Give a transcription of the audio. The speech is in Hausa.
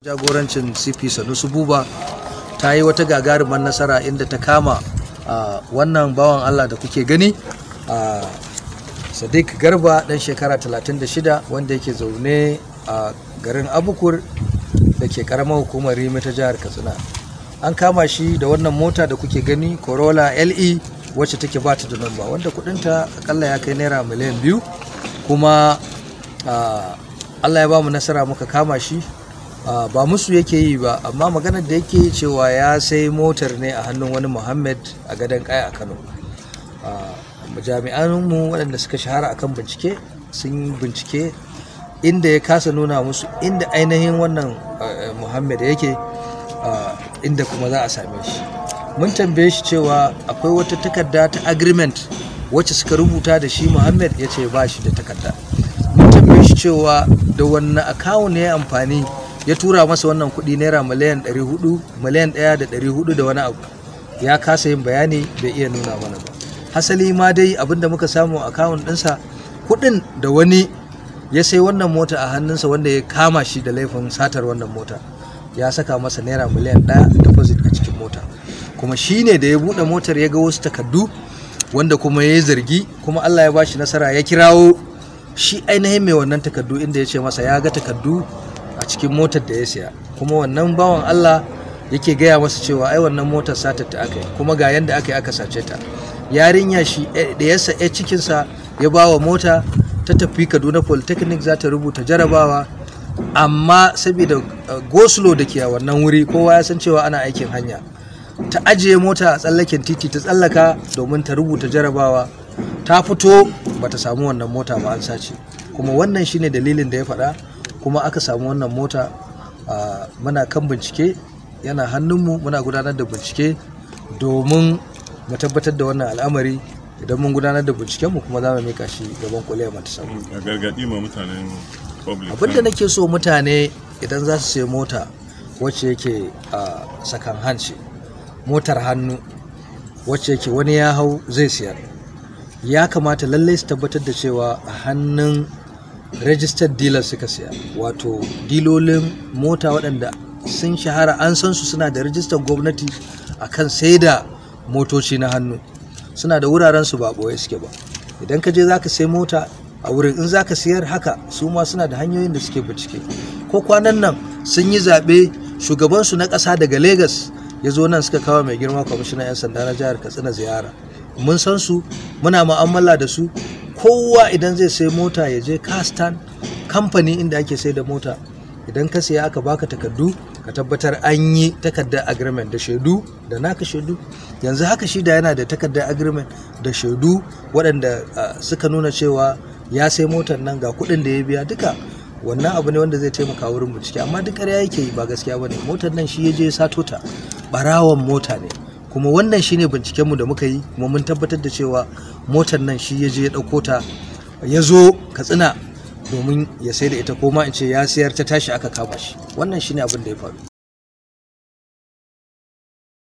jagorancin cp sanusu buba ta yi wata gagarumar nasara inda ta kama wannan bawan allah da kuke gani a sadiq garba dan shekara 36 wanda yake zaune a garin abukur da ke karamar hukumar rimi ta jihar katsina an kama shi da wannan mota da kuke gani corolla le wacce take ba ta da namba wanda kudinta akalla ya kai naira miliyan biyu kuma allah ya ba mu nasara muka kama shi ba musu yake yi ba amma maganar da yake cewa ya sai motar ne a hannun wani muhammad a gadon kaya a kano jami'anmu waɗanda suka shahara akan bincike sun bincike inda ya kasa nuna musu inda ainihin wannan muhammad yake inda kuma za a same shi mun tambaye shi cewa akwai wata takarda ta agreement wacce suka rubuta da shi muhammad ya ce ba shi da takarda mun tambaye shi cewa da wannan akawun ne amfani ya tura masa wannan kuɗi naira miliyan 400 miliyan 1,400 da wani abu ya kasa yin bayani bai iya nuna mana ba hasali ma dai abinda muka samu a kawun ɗinsa kuɗin da wani ya sai wannan mota a hannunsa wanda ya kama shi da laifin satar wannan mota ya saka masa naira miliyan ɗaya deposit a cikin mota kuma shi ne da ya buɗe motar ya ga wasu takardu wanda kuma ya yi zargi kuma Allah ya ba shi nasara ya kirawo shi ainihin mai wannan takardu inda ya ce masa ya ga takardu cikin motar da ya siya kuma wannan bawan Allah yake gaya masa cewa ai wannan motar satar ta aka yi kuma ga yanda aka yi aka sace ta yarinya shi eh, da ya sa eh, cikinsa ya bawa mota ta tafi Kaduna Polytechnic za ta rubuta jarabawa amma saboda eh, goslo da ke a wannan wuri kowa ya san cewa ana aikin hanya ta ajiye mota a tsallaken titi ta tsallaka domin ta rubuta jarabawa ta fito bata samu wannan mota ba an sace kuma wannan shine dalilin da ya faɗa kuma aka samu wannan mota a muna kan bincike yana hannunmu muna gudanar da bincike domin mu tabbatar da wannan al'amari idan mun gudanar da binciken mu kuma za mu mika shi gaban kuliyar mata sabu a gargadi ma mutane public abin da nake so mutane idan za su sayi mota wacce yake a sakan hanci motar hannu wacce yake wani ya hau zai siyar ya kamata lallai su tabbatar da cewa a hannun registered dealers suka siya wato dilolin mota waɗanda sun shahara an san su suna da rijistar gwamnati akan sai da motoci na hannu suna da wuraren su ba ɓoye suke ba idan ka je za ka sai mota a wurin in za ka siyar haka su ma suna da hanyoyin da suke bincike ko kwanan nan sun yi zaɓe shugabansu na ƙasa daga Legas ya zo nan suka kawo mai girma kwamishinan 'yan sanda na jihar katsina ziyara mun san su muna mu'amala da su kowa idan zai sai mota ya je kastan kamfani inda ake sai da mota idan ka siya aka baka takardu ka tabbatar an yi takardar agreement da shaidu da naka shaidu yanzu haka shi da yana da takardar agreement da shaidu waɗanda suka nuna cewa ya sai motar nan ga kuɗin da ya biya duka wannan abu ne wanda zai taimaka wurin ciki. amma duk ƙarya yake ba gaskiya bane motar nan shi ya je sato ta ɓarawon mota ne kuma wannan shine mu da muka yi kuma mun tabbatar da cewa motar nan shi ya je ya ɗauko ta ya zo katsina domin ya sai da ita ko ma in ce ya sayar ta tashi aka kama shi wannan shine abin da ya faru